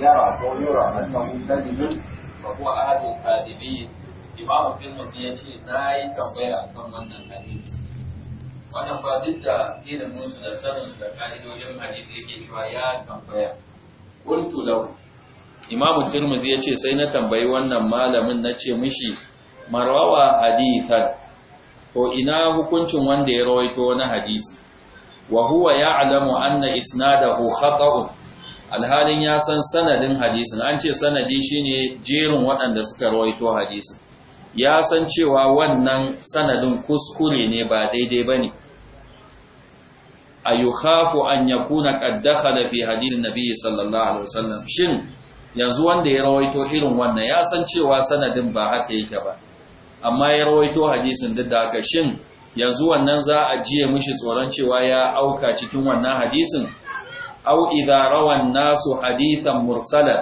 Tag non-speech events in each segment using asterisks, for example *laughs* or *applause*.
yara ko yura tirmidhi ya ce na yi tambaya akan wannan da da da tirmidhi ya sai na tambayi wannan malamin nace mishi marwawa hadithan ko ina hukuncin wanda ya rawaito wani hadisi wa huwa ya'lamu anna isnadahu khata'un alhalin ya san sanadin hadisin an ce sanadi shine jerin waɗanda suka rawaito hadisin ya san cewa wannan sanadin kuskure ne ba daidai bane khafu an yakuna qad dakhala fi hadith sallallahu alaihi wasallam shin yanzu wanda ya rawaito irin wannan ya san cewa sanadin ba haka yake ba amma ya rawaito hadisin duk da haka shin yanzu wannan za a jiye mishi tsoron cewa ya auka cikin wannan hadisin au idza rawan nasu hadithan mursala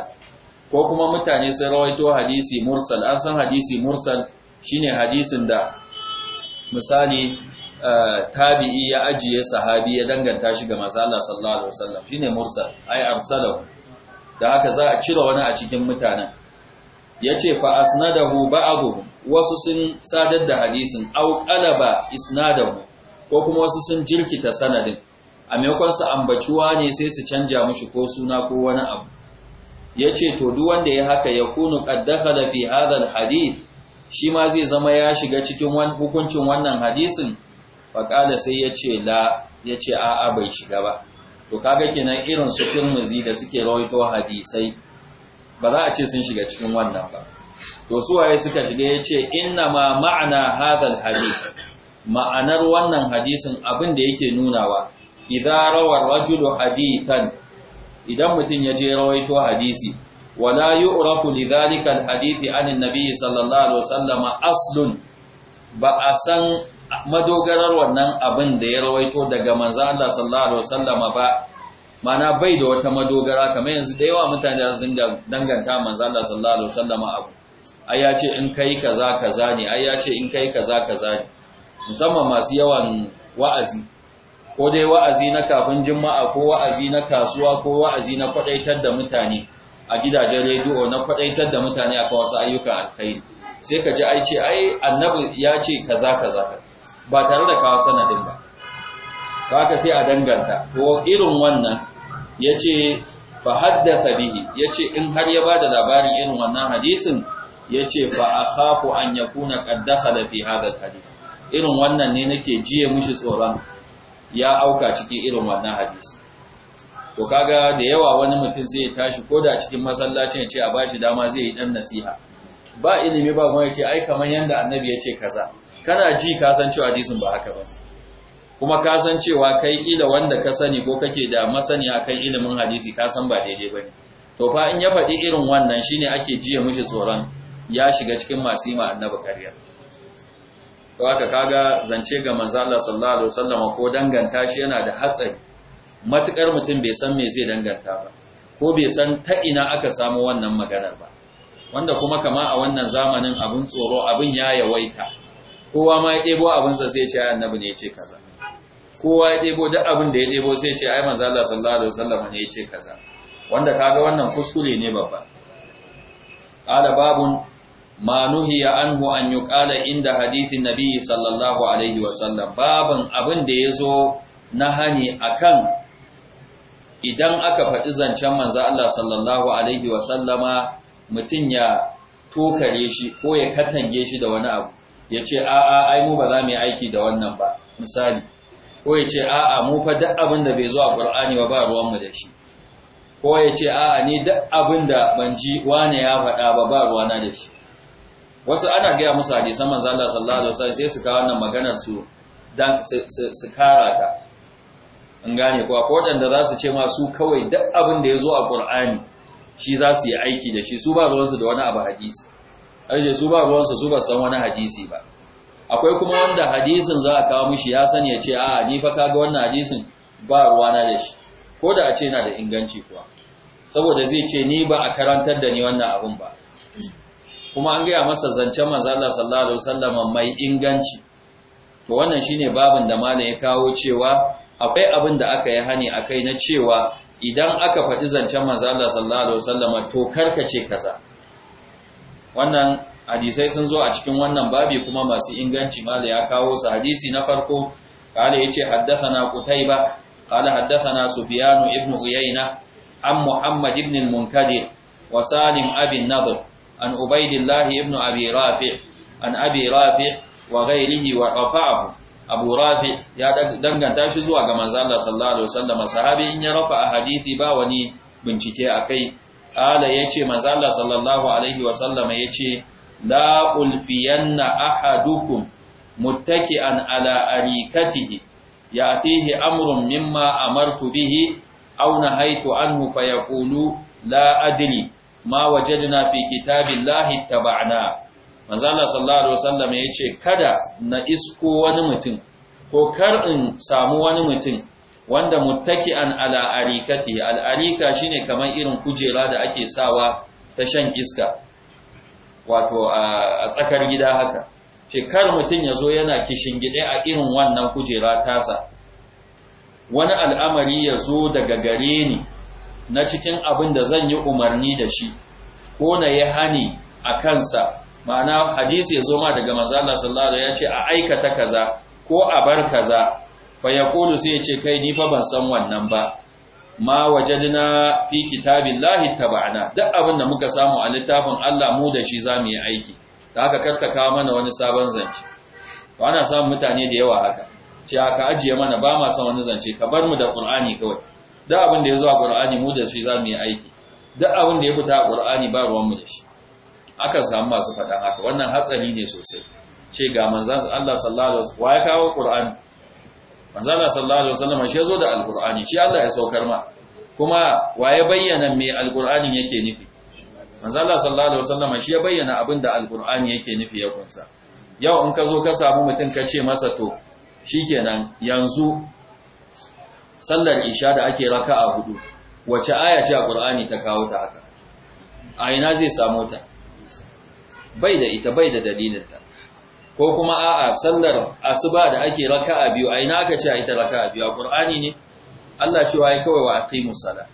ko kuma mutane sun rawaito hadisi mursal an san hadisi mursal shine hadisin da misali eh, tabi'i ya ajiye sahabi ya danganta shi ga manzo Allah sallallahu alaihi wasallam shine mursal ai arsalahu da haka za a cire wani a cikin mutanen yace fa asnadahu ba'dhum wasu sun sadar da hadisin au qalaba isnadahu ko kuma wasu sun jirkita sanadin a maimakon su ambaciwa ne sai su canja mushi ko suna ko wani abu yace to duk wanda ya haka ya kunu qad dakhala fi hadha al hadith shi ma zai zama ya shiga cikin hukuncin wannan hadisin faƙada sai ya ce la ya ce a'a bai shiga ba to kaga kenan irin su turmuzi da suke rawaito hadisai ba za a ce sun shiga cikin wannan ba to su waye suka shiga ya ce inna ma ma'ana hadal hadith ma'anar wannan hadisin abin da yake nunawa idza rawa rajulu hadithan idan mutum ya je rawaito hadisi wala yu'rafu lidhalika al-hadithi an an-nabiy sallallahu alaihi wasallam aslun ba asan san madogarar wannan abin da ya rawaito daga manzo Allah sallallahu alaihi wasallam ba mana bai da wata madogara kamar yanzu da yawa mutane za su danganta manzo Allah sallallahu alaihi wasallam abu ai ya ce in kai kaza kaza ne ai ya ce in kai kaza kaza ne musamman masu yawan wa'azi ko dai wa'azi na kafin juma'a ko wa'azi na kasuwa ko wa'azi na kwadaitar da mutane a gidajen rediyo na kwadaitar da mutane a wasu ayyukan alkhairi sai ka ji ai ce ai annabi ya ce kaza kaza ba tare da kawo sanadin ba saka sai a danganta ko irin wannan yace fa haddatha bihi yace in har ya bada labarin irin wannan hadisin yace fa akhafu an yakuna qad dakhala fi hadha hadith irin wannan ne nake jiye mushi tsoron ya auka cikin irin wannan hadisi to kaga da yawa wani mutum zai tashi ko da cikin masallacin ya ce a bashi dama zai yi dan nasiha ba ilimi ba kuma yace ai kaman yanda annabi ya ce kaza kana ji ka san cewa hadisin ba haka ba kuma ka san cewa kai kila wanda ka sani ko kake da masani akan ilimin hadisi ka san ba daidai bane to fa in ya faɗi irin wannan shine ake jiya mishi tsoron ya shiga cikin masu yi ma annabi kariya to haka kaga zance ga manzo Allah sallallahu alaihi wasallam ko danganta shi yana da hatsari matukar mutum bai san me zai danganta ba ko bai san ta ina aka samu wannan maganar ba wanda kuma kama a wannan zamanin abin tsoro abin ya yawaita kowa ma ya ɗebo sa sai ce annabi ne ya ce kaza kowa ya ɗebo duk abin da ya ɗebo sai ce ai manzo Allah sallallahu alaihi wasallam ne ya ce kaza wanda kaga wannan kuskure ne babba qala babun ma ya anhu an yuqala inda hadithin Nabiyyu sallallahu alaihi wasallam babin abin da yazo na hani akan idan aka faɗi zancen manza Allah sallallahu alaihi wasallama mutun ya tokare shi ko ya katange shi da wani abu ya ce a'a ai mu ba za mu yi aiki da wannan ba misali ko ya ce a'a mu fa duk da bai zo a Qur'ani ba ba ruwan da shi ko ya ce a'a ni duk abin da ban ji wane ya faɗa ba ba ruwana da shi wasu ana gaya musu hadisan manzo Allah sallallahu alaihi wasallam sai su kawo wannan magana su dan su kara ta in gane ko akwai wadanda za su ce ma su kawai duk abin da ya zo a Qur'ani shi za su yi aiki da shi su ba su da wani abu hadisi aje su ba ruwan su ba san wani hadisi ba akwai kuma wanda hadisin za a kawo mishi ya sani ya ce a ni fa kaga wannan hadisin ba ruwa na da shi ko da a ce yana da inganci kuwa saboda zai ce ni ba a karantar da ni wannan abun ba kuma an gaya masa zancen manzala sallallahu alaihi wasallam mai inganci to wannan shine babin da malam ya kawo cewa akwai abin da aka yi hani akai na cewa idan aka faɗi zancen manzala sallallahu alaihi wasallam to karkace kaza wannan hadisai sun zo a cikin wannan babi kuma masu inganci malam ya kawo su hadisi na farko قال يجي حدثنا قتيبة قال حدثنا سفيان ابن عيينة عن محمد بن المنكدر وسالم أبي النضر an ubaidillah ibn abi rafi ya danganta shi zuwa ga manzo Allah alaihi wasallam sahabi in ya rafa a hadisi ba wani bincike akai ala yace manzo Allah sallallahu alaihi wasallam yace la ulfiyanna ahadukum muttaki'an ala arikatihi ya'tihi amrun mimma amartu bihi aw nahaytu anhu fayaqulu la adri ma wajadna fi kitabillahi taba'na manzo Allah sallallahu alaihi wasallam yace kada na isko wani mutum ko kar in samu wani mutum wanda muttaki'an ala arikati al arika shine kamar irin kujera da ake sawa ta shan iska wato a tsakar gida haka ce kar mutum yazo zo yana kishingide a irin wannan kujera tasa wani al'amari yazo daga gare ni na cikin abin da zan yi umarni da shi ko na yi hani a kansa ma'ana hadisi ya zo ma daga mazala sallallahu alaihi ya ce a aikata kaza ko a bar kaza fa kulu sai ya ce kai ni fa ban san wannan ba ma wajadna fi kitabillahi taba'ana duk abin da muka samu a littafin Allah mu da shi zamu yi aiki da haka karta kawo mana wani sabon zance Ba na samun mutane da yawa haka ce aka ajiye mana ba ma san wani zance ka bar mu da Qur'ani kawai duk abin da ya zuwa ƙur'ani Qur'ani mu da shi za mu yi aiki duk abin da ya fita a Qur'ani ba ruwan mu da shi aka samu masu faɗan haka wannan hatsari ne sosai ce ga manzan Allah sallallahu alaihi wasallam wa ya kawo Qur'ani manzan Allah sallallahu alaihi wasallam shi zo da alqur'ani shi Allah ya saukar ma kuma wa ya bayyana me Alƙur'ani yake nufi manzan Allah sallallahu alaihi wasallam shi ya bayyana abin da alqur'ani yake nufi ya kunsa yau in ka zo ka samu mutum ka ce masa to shikenan yanzu sallar isha da ake a hudu wace aya ce a Qur'ani ta kawo ta haka a ina zai samu ta bai da ita bai da dalilinta ko kuma a'a sallar asuba da ake a biyu a ina aka ce a ita a biyu a Qur'ani ne Allah cewa ya kawai wa kai sala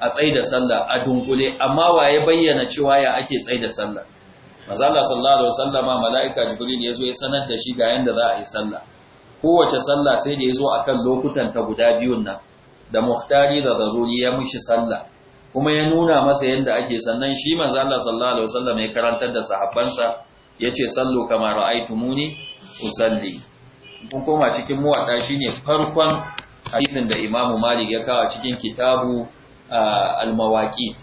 a tsaida sallah a dunkule amma wa ya bayyana cewa ya ake tsaida sallah manzo Allah sallallahu alaihi wasallama malaika jibril ya zo ya sanar da shi ga yanda za a yi sallah kowace sallah sai da ya zo a kan lokutanta guda biyun nan da muhtari da zaruri ya mishi sallah kuma ya nuna masa yadda ake sannan shi manzo Allah sallallahu alaihi wasallam ya karantar da sahabbansa yace sallu kama ra'aytumuni usalli kun koma cikin muwadda shine farkon hadisin da Imam Malik ya kawo cikin kitabu al-mawaqit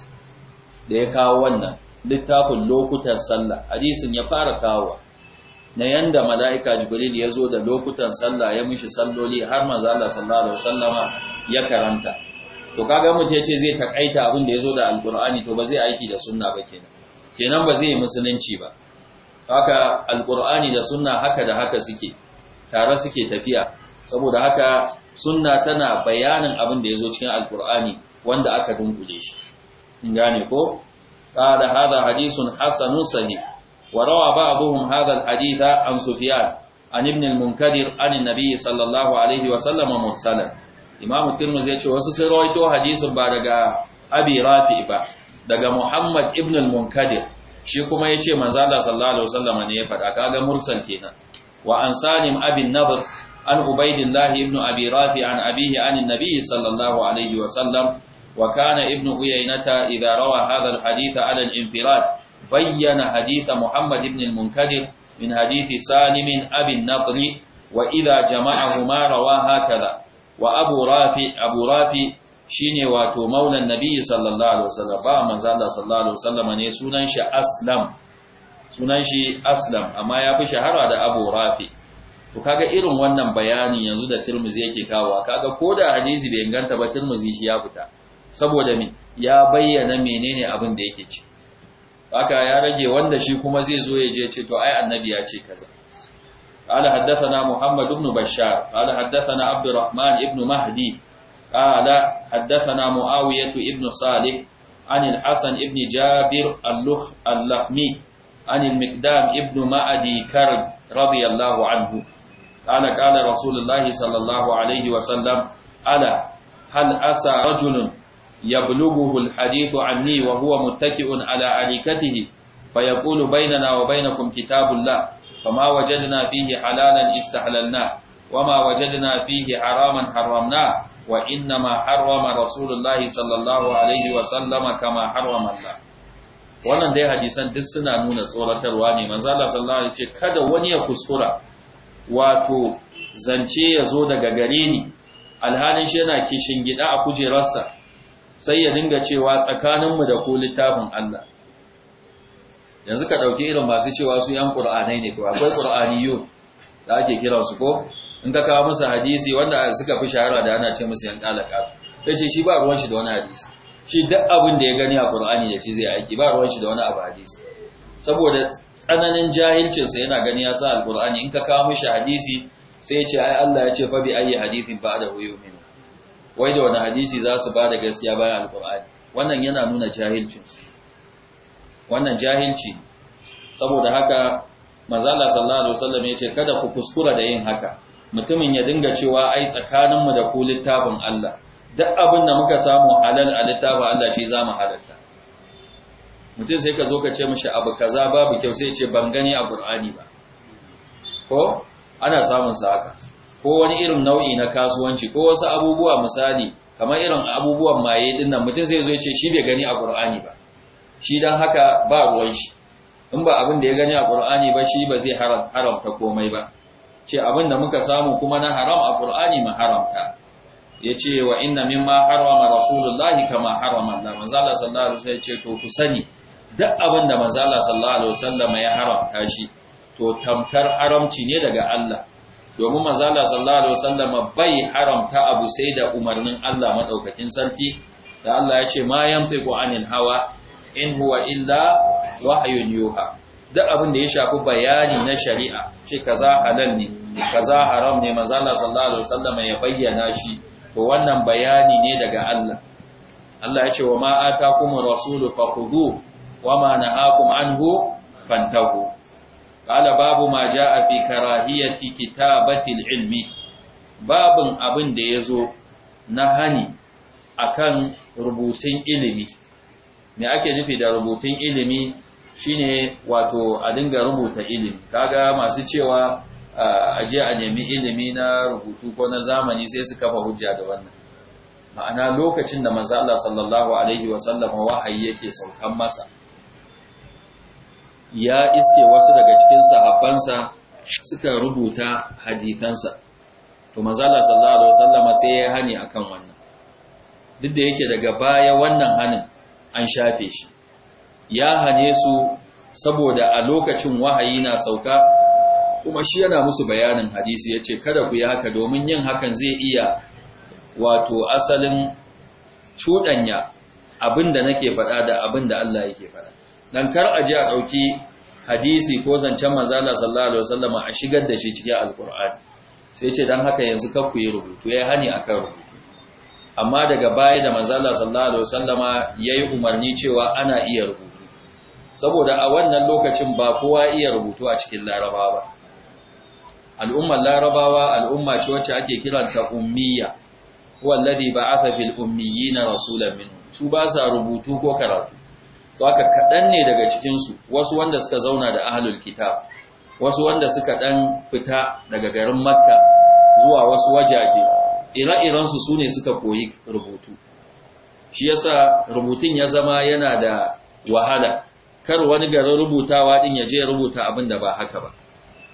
da ya kawo wannan littafin lokutan sallah hadisin ya fara kawo na yanda mala'ika jibril ya zo da lokutan sallah ya mishi salloli har manzo Allah sallallahu alaihi wasallama ya karanta to kaga mutum ce zai takaita abin da ya zo da alqur'ani to ba zai aiki da sunna ba kenan kenan ba zai yi musulunci ba haka alqur'ani da sunna haka da haka suke tare suke tafiya saboda haka sunna tana bayanin abin da ya zo cikin alqur'ani wanda aka dunkule shi gane ko qala hadha hadithun hasanun sahih وروى بعضهم هذا الحديث عن سفيان عن ابن المنكدر عن النبي صلى الله عليه وسلم مرسلا امام الترمذي yace wasu sai rawaito hadisin ba daga Abi Rafi ba daga Muhammad ibn al-Munkadir shi kuma yace manzo Allah sallallahu alaihi wasallam ne ya faɗa kaga mursal kenan wa an Salim abi Nabr an Ubaydillah ibn Abi Rafi an abihi an an-nabi sallallahu alaihi wasallam wa kana ibn Uyaynata idha rawa hadha al-hadith ala al-infirad bayyana haditha Muhammad ibn munkadir min hadithi Salimin abin Nabri wa Jama'a jama'ahuma rawa hakaza wa Abu Rafi Abu Rafi shine wato maulan Nabiyyu sallallahu alaihi wasallam ba manzo Allah sallallahu alaihi wasallam ne sunan shi Aslam amma ya fi shahara da Abu Rafi to kaga irin wannan bayanin yanzu da Tirmidhi yake kawo kaga ko da hadisi bai inganta ba Tirmidhi shi ya fita saboda me ya bayyana menene abin da yake ci? haka ya rage wanda shi kuma zai zo ya je ce to ai annabi ya ce kaza قال حدثنا محمد بن بشار قال حدثنا عبد الرحمن بن مهدي قال حدثنا معاوية بن صالح عن الحسن بن جابر اللخ اللخمي عن المقدام بن مأدي كرب رضي الله عنه قال قال رسول الله صلى الله عليه وسلم ألا هل أسى رجل يبلغه الحديث عني وهو متكئ على أريكته فيقول بيننا وبينكم كتاب الله فما وجدنا فيه حلالا استحللناه وما وجدنا فيه حراما حرمناه وإنما حرم رسول الله صلى الله عليه وسلم كما حرم الله wannan dai hadisan duk suna nuna tsoratarwa ne manzo Allah sallallahu alaihi wasallam ya ce kada wani ya kuskura wato zance ya zo daga gare ni alhalin shi yana kishin gida a kujerarsa sai ya dinga cewa tsakaninmu da ku littafin Allah yanzu ka ɗauki irin masu cewa su yan ƙur'anai ne kuma akwai ƙur'aniyu da ake kira su ko in ka kawo musu hadisi wanda suka fi shahara da ana ce musu yan ɗalaka ya ce shi ba ruwan shi da wani hadisi shi duk abin da ya gani a ƙur'ani da shi zai aiki ba ruwan shi da wani abu hadisi saboda tsananin jahilcinsa yana gani ya sa alƙur'ani in ka kawo mishi hadisi sai ya ce ai Allah ya ce fa bi ayi hadithin ba da huyu wai da wani hadisi za su ba da gaskiya bayan alkur'ani wannan yana nuna jahilcinsu wannan jahilci saboda haka mazala sallallahu alaihi wasallam yace kada ku kuskura da yin haka mutumin ya dinga cewa ai tsakaninmu da ku littafin Allah duk abin da muka samu alal a littafin Allah shi zamu halarta mutum sai ka zo ka ce mishi abu kaza babu kyau sai ya ce ban gani a Qur'ani ba ko ana samun sa haka ko wani irin nau'i na kasuwanci ko wasu abubuwa misali kamar irin abubuwan maye din nan mutum zai zo ya ce shi bai gani a Qur'ani ba shi dan haka ba ruwan shi in ba abin da ya gani a Qur'ani ba shi ba zai haramta komai ba ce abin da muka samu kuma na haram a Qur'ani ma haramta yace wa inna mimma harama rasulullahi kama harama Allah manzo Allah sallallahu alaihi wasallam ce to ku sani duk abin da manzo Allah sallallahu alaihi wasallam ya haramta shi to tamkar haramci ne daga Allah domin Mazala sallallahu alaihi wasallam bai haramta abu sai da umarnin Allah madaukakin sarki da Allah ya ce ma yamtiqu anil hawa in huwa illa wahyun yuha duk abin da ya shafi bayani na shari'a ce kaza halal ne kaza haram ne Mazala sallallahu alaihi wasallam ya bayyana shi to wannan bayani ne daga Allah Allah ya ce wa ma atakumur rasulu fakhudhu wa ma nahakum anhu fantahu qala babu ma a fi karahiyati kitabati ilmi babun abin da zo na hani akan rubutun ilimi me ake nufi da rubutun ilimi shine wato a dinga rubuta ilimi kaga masu cewa je a nemi ilimi na rubutu ko na zamani sai su kafa hujja da wannan ma'ana lokacin da manzo Allah sallallahu alaihi wasallam wahayi yake saukan masa ya iske wasu daga cikin sahabbansa suka rubuta hadithansa to manzala sallallahu alaihi wasallama sai ya hani akan wannan duk da yake daga baya wannan hanin an shafe shi ya hane su saboda a lokacin wahayi na sauka kuma shi yana musu bayanin hadisi yace kada ku yi haka domin yin hakan zai iya wato asalin cuɗanya abinda nake faɗa da abinda Allah yake faɗa dan kar a ji a dauki hadisi ko zancen manzo Allah sallallahu alaihi wasallam a shigar da shi cikin alqur'ani sai ce dan haka yanzu kar ku yi rubutu yayi hani akan rubutu amma daga baya da manzo Allah sallallahu alaihi wasallam yayi umarni cewa ana iya rubutu saboda a wannan lokacin ba kowa iya rubutu a cikin larabawa ba al'ummar larabawa al'umma ce wacce ake kiranta ummiya wallazi ba ba'atha fil ummiyina rasulan su ba sa rubutu ko karatu Waka kaɗan ne daga cikinsu wasu wanda suka zauna da ahalul kitab wasu wanda suka ɗan fita daga garin makka zuwa wasu wajaje ire-irensu su ne suka koyi rubutu shi yasa rubutun ya zama yana da wahala kar wani garin rubutawa din ya je rubuta abin da ba haka ba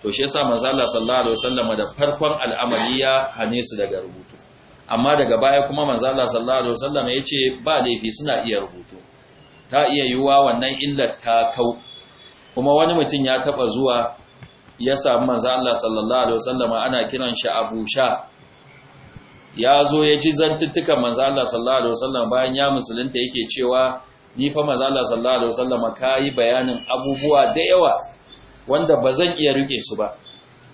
to shi yasa manzo Allah sallallahu alaihi wasallam da farkon al'amari ya hane su daga rubutu amma daga baya kuma manzo Allah sallallahu alaihi wasallam ya ce ba laifi suna iya rubutu ta iya yiwuwa wannan illar ta kau kuma wani mutum ya taba zuwa ya samu manzo Allah sallallahu alaihi wasallama ana kiran shi Abu Sha ya zo ya ji zantuttukan manzo Allah sallallahu alaihi wasallama bayan ya musulunta yake cewa ni fa manzo Allah sallallahu alaihi wasallama kai bayanin abubuwa da yawa wanda bazan iya rike su ba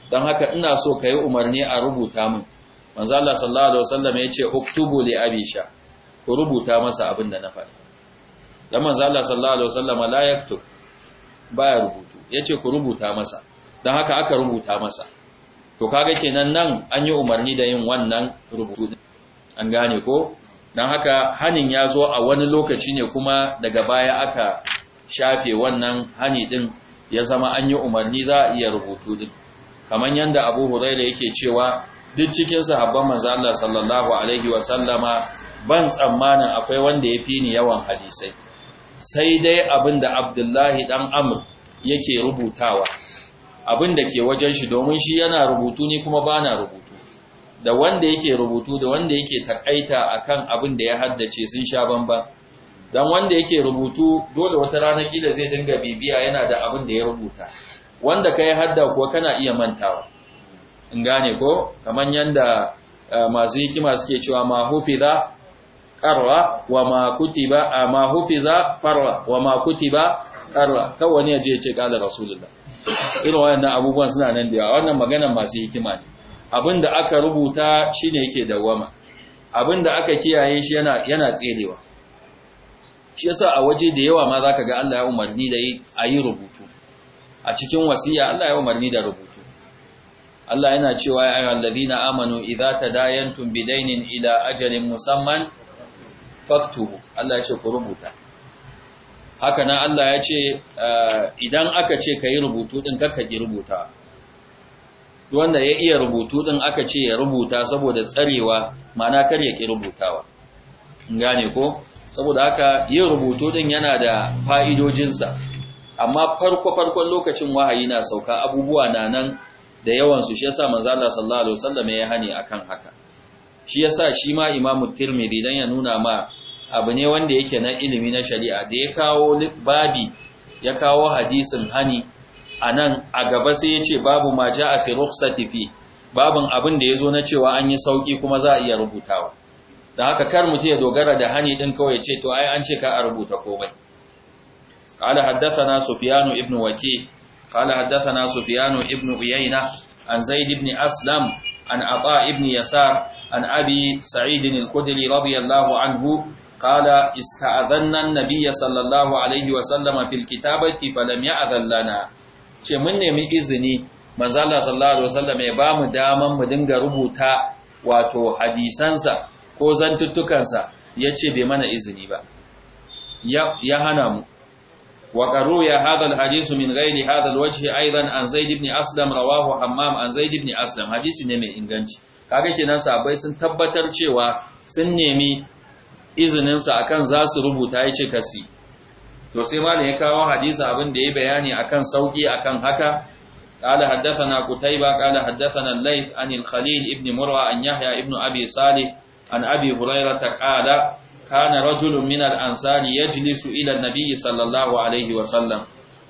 dan haka ina so kai umarni a rubuta min manzo Allah sallallahu alaihi wasallama yace uktubu li abisha ku rubuta masa abin da na faɗi dan manzo Allah sallallahu alaihi wasallama la yaktub baya rubutu yace ku rubuta masa dan haka aka rubuta masa to kaga kenan nan an yi umarni da yin wannan rubutu an gane ko dan haka hanin ya zo a wani lokaci ne kuma daga baya aka shafe wannan hani din ya zama an yi umarni za a iya rubutu din kamar yanda Abu Hurairah yake cewa duk cikin sahabban manzo Allah sallallahu alaihi wasallama ban tsammanin akwai wanda ya fi ni yawan hadisai sai dai abin da abdullahi dan amr yake rubutawa abin da ke wajen shi domin shi yana rubutu ne kuma ba na rubutu da wanda yake rubutu da wanda yake takaita kan abin da ya haddace sun sha bamban don wanda yake rubutu dole wata rana kila zai dinga bibiya yana da abin da ya rubuta wanda ka yi hadda kuwa kana iya mantawa in gane ko kamar yadda eh, masu hikima suke cewa ma za qarra wa ma kutiba ma hufiza farra wa ma kutiba qarra kawai ya je ya ce da rasulullah irin wannan abubuwan suna nan da wannan magana masu hikima ne abinda aka rubuta shine yake da wama abinda aka kiyaye shi yana yana tserewa shi yasa a waje da yawa ma zaka ga Allah ya umarni da yi ayi rubutu a cikin wasiya Allah ya umarni da rubutu Allah yana cewa ya ayyuhal amanu idza tadayantum bidaynin ila ajalin musamman faktubu Allah ya ce ku rubuta haka nan Allah ya ce eh, idan aka ce ka yi rubutu ɗin kakka ji rubuta wanda ya iya rubutu din aka ce ya rubuta saboda tsarewa mana kar ya ki rubutawa gane ko saboda haka yin rubutu ɗin yana da fa'idojinsa amma farko-farkon lokacin wahayi na sauka abubuwa na nan da yawansu shi yasa manzala sallallahu alaihi wasallam ya hani a kan haka shi yasa shi ma imamu tirmidhi dan ya nuna ma abu ne wanda yake na ilimi na shari'a da ya kawo babi ya kawo hadisin hani anan a gaba sai ya ce babu ma ja'a fi rukhsati fi Babun abin da yazo na cewa an yi sauki kuma za a iya rubutawa da haka kar mutum ya dogara da hani din kawai ya ce to ai an ce ka a rubuta komai قال حدثنا سفيان ابن وكيع قال حدثنا سفيان ابن عيينة عن زيد بن أسلم عن عطاء Ibn يسار An abi سعيد الخدري رضي الله عنه قال استأذن النبي صلى الله عليه وسلم في الكتابة فلم ce mun nemi izini manzo Allah sallallahu alaihi wasallam ya bamu daman mu dinga rubuta wato hadisansa ko zantuttukansa yace bai mana izini ba ya hana mu wa qaru ya hada alhadisu min ghairi hada alwajhi aidan an zaid ibn aslam rawahu hammam an zaid ibn aslam hadisi ne mai inganci kaga kenan sahabbai sun tabbatar cewa sun nemi izinin sa akan za su rubuta yace kasi to sai malam ya kawo hadisi abin da ya bayani akan sauki akan haka قال حدثنا قتيبة قال حدثنا الليث عن الخليل ابن مروى عن يحيى ابن أبي صالح عن أبي هريرة قال كان رجل من الأنصار يجلس إلى النبي صلى الله عليه وسلم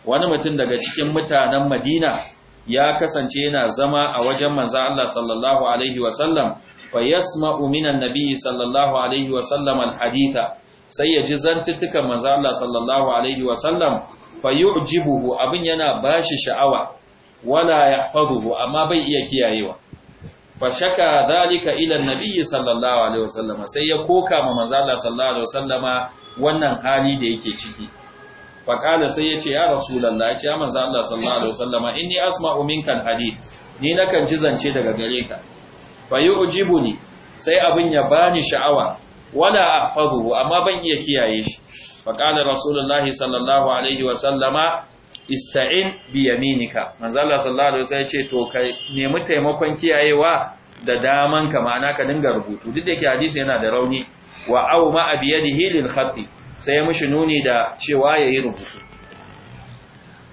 wani mutum daga cikin mutanen Madina ya kasance yana zama a wajen manzon Allah sallallahu alaihi wasallam fa yasma minan nabiy sallallahu alaihi wasallam haditha. sai ya ji zantuttukan manzon Allah sallallahu alaihi wasallam fa yi yu'jibuhu abin yana bashi sha'awa wala ya yahfazuhu amma bai iya kiyayewa fa shaka dalika ila an sallallahu alaihi wasallam sai ya koka ma manzon Allah sallallahu alaihi wasallama wannan hali da yake ciki faƙala sai ya ce ya rasulallah ya ce ya manzan Allah sallallahu alaihi wasallama inni asma'u minka alhadith ni na ji zance daga gare ka fa yu'jibuni sai abin ya bani sha'awa wala ahfazuhu amma ban iya kiyaye shi faƙala rasulullahi sallallahu alaihi wasallama ista'in bi yaminika manzo Allah sallallahu alaihi wasallam ce to kai nemi taimakon kiyayewa da daman ka ma'ana ka dinga rubutu duk da yake hadisi yana da rauni wa aw ma abiyadihi lil khatib sai ya mishi nuni da cewa yi rubutu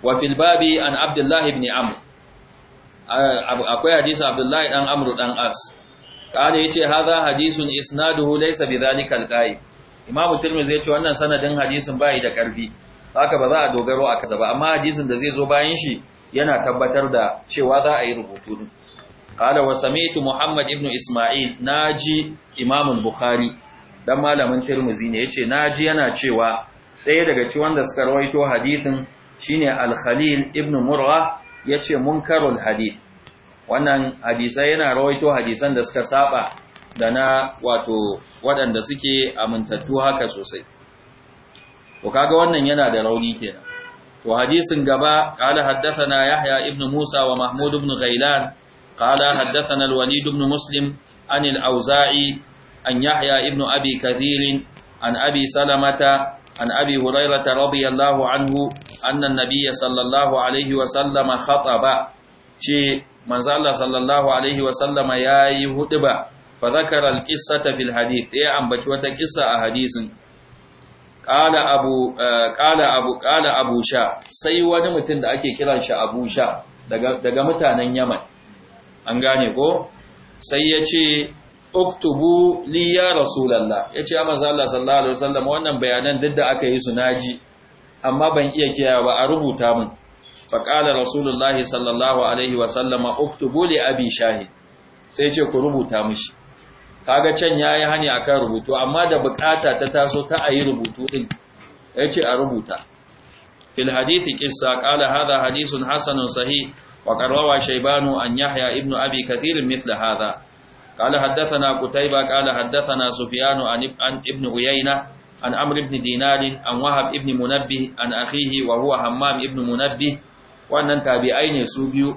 wa fil an abdullahi ibn amr akwai hadisi abdullahi dan amr dan as kana yace haza hadisun isnaduhu laysa bidhalika Imamu imam zai ce wannan sanadin hadisin bayi da karfi haka ba za a dogaro a kasa ba amma hadisin da zai zo bayan shi yana tabbatar da cewa za a yi rubutu din قال وسمعت محمد Isma'il. Na ji امام Bukhari. dan malamin Tirmidhi ne yace naji yana cewa ɗaya daga ci wanda suka rawaito hadithin shine Al-Khalil ibn Murra yace munkarul hadith wannan hadisai yana rawaito hadisan da suka saba da na wato waɗanda suke amintattu haka sosai to kaga wannan yana da rauni kenan to hadisin gaba qala haddathana yahya ibn musa wa mahmud ibn ghailan qala haddathana al-walid ibn muslim an al-auza'i an yahya Ibnu abi kathir an abi salamata an abi hurairah radiyallahu anhu annan an sallallahu alaihi wa sallama khataba ce manzo Allah sallallahu alaihi wa sallama yayi hudiba fa zakara al-qissata fil hadith ya ambaci wata kissa a hadisin kala abu kala abu kala abu sha sai wani mutum da ake kiran shi abu sha daga mutanen yaman an gane ko sai ya ce uktubu li ya rasulullah ya Allah sallallahu alaihi wasallam wannan bayanan duk da aka yi su naji amma ban iya kiyaye ba a rubuta mun. faƙala qala rasulullahi sallallahu alaihi wasallama oktubu li abi shahid sai ce ku rubuta mushi kaga can ya yi hani kan rubutu amma da bukata ta taso ta ayi rubutu din ce a rubuta fil hadithi qissa ƙala hada hadisun hasanun sahi wa qarrawa shaibanu an yahya ibnu abi kathirin mithla hada. قال حدثنا قتيبة قال حدثنا سفيان عن ابن عيينة عن عمرو بن دينار عن وهب ابن منبه عن أخيه وهو همام ابن منبه وأن تابعين سوبيو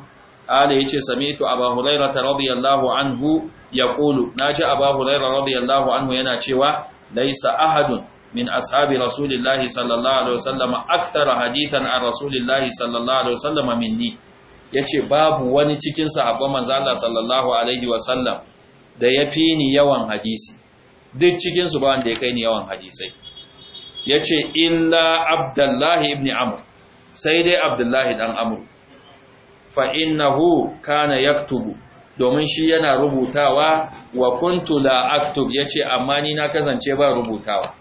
قال يتي سمعت أبا هريرة رضي الله عنه يقول ناجى أبا هريرة رضي الله عنه يناشوا ليس أحد من أصحاب رسول الله صلى الله عليه وسلم أكثر حديثا عن رسول الله صلى الله عليه وسلم مني يتي باب وني تكين صحابة مزالة صلى الله عليه وسلم da ya fi ni yawan hadisi duk cikinsu ba wanda ya kai ni yawan hadisai ya ce illa abdullahi ibn amr sai dai abdullahi ɗan amur fa'innahu kana yaktubu domin shi yana rubutawa wa kuntu la aktub yace amma ni na kasance ba rubutawa